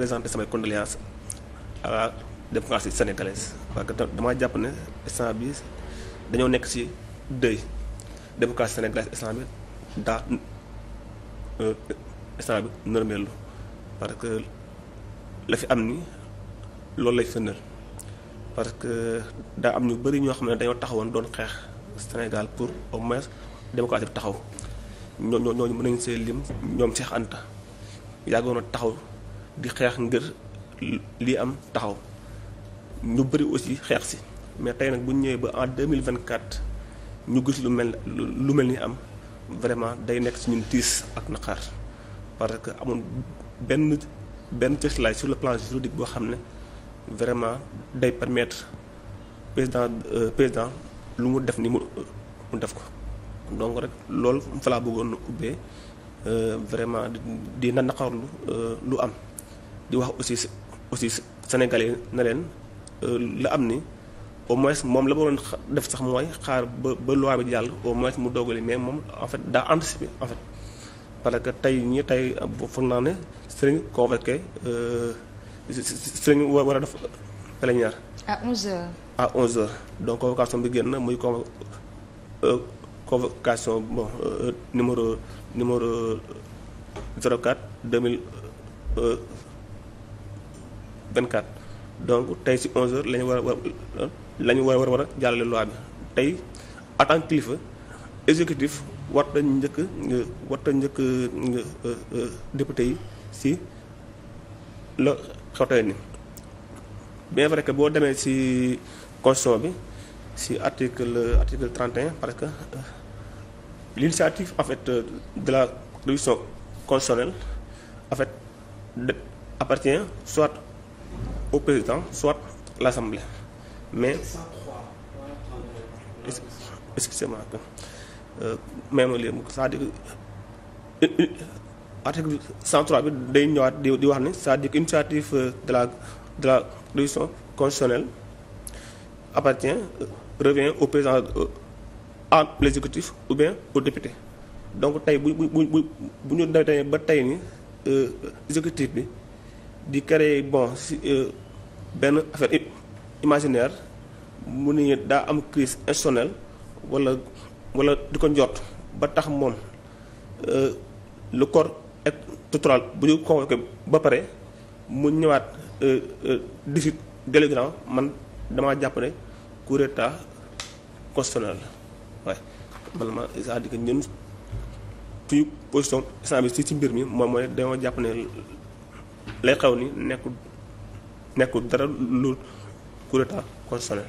présenter samay condoléances à la démocratie sénégalaise parce que damaa jàpp ne instant bi dañoo nekk ci dëy démocratie sénégalaise instant bi daa euh, instant bi parce que la fi am ni loolu lay fëndal parce que daa am ñu bëri ñoo xam ne dañoo taxawoon doon xeex Sénégal pour au moins démocratie bi taxaw ñoo ñooñu mën nañu see lim ñoom Cheikh Anta yàggoon a taxaw di xeex ngir li am taxaw ñu bëri aussi xeex si mais tey nag bu ñëwee ba en mille vingt 2024 ñu gis lu mel lu mel ni am vraiment day nekk si suñu tiis ak naqar parce que amul benn benn cëslaay sur le plan juridique boo xam ne vraiment day permettre président euh, président lu mu def ni mu mu def ko donc rek loolu fa laa bëggoon ubbee euh, vraiment di na naqarlu euh, lu am di wax aussi aussi sénégalais na leen euh, la am ni au moins moom la waroon def sax mooy xaar ba ba loi bi jàll au moins mu dogali mais moom en fait daa anticiper en fait parce que tey ñi tey foog naa ne sëriñ convoqué euh, sëriñ war a def à 11h. à 11h convocation bi génn muy convo euh, convocation bon numéro numéro 04 2000. 24 donc tey si 11h la ñu war a war euh, la war a war a jàllale bi tey en kilifa exécutif war njëkk war ta njëkk euh, euh, député yi si la xew tey bien vrai que boo demee si constitution bi si article article 31 parce que l'initiative en fait de la révision constitutionnelle en appartient soit au président soit l'Assemblée mais excusez-moi euh, même léegi c'est-à-dire euh, euh, article 103 bi day ñëwaat di di wax ni c'est-à-dire que initiative de la de la révision constitutionnelle appartient revient au président à l'exécutif ou bien au député donc tey bu bu bu bu ñu demee ba tey ni exécutif bi di créer bon si. benn affaire imaginaire mu ni daa am crise institutionnelle walla walla di ko njort ba tax moom euh, le corps électoral bu ñu convoqué ba pare mu ñëwaat 18 euh, euh, déléguant man damaa jàpp ne coup d'état waaye man ma c'est-à-dire que position instant ci mbir mi moom mooy dañoo jàpp ne lay xew ni nekkul. nekkul dara lu coup d'état constitutionnel